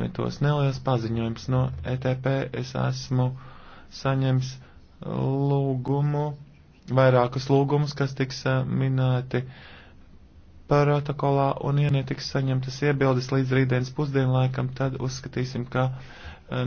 Mitos neliels paziņojums no ETP. Es esmu saņems lūgumu, vairākus lūgumus, kas tiks eh, minēti protokolā un, ja netiks saņemtas iebildes līdz rītdienas pusdienlaikam, tad uzskatīsim, ka eh,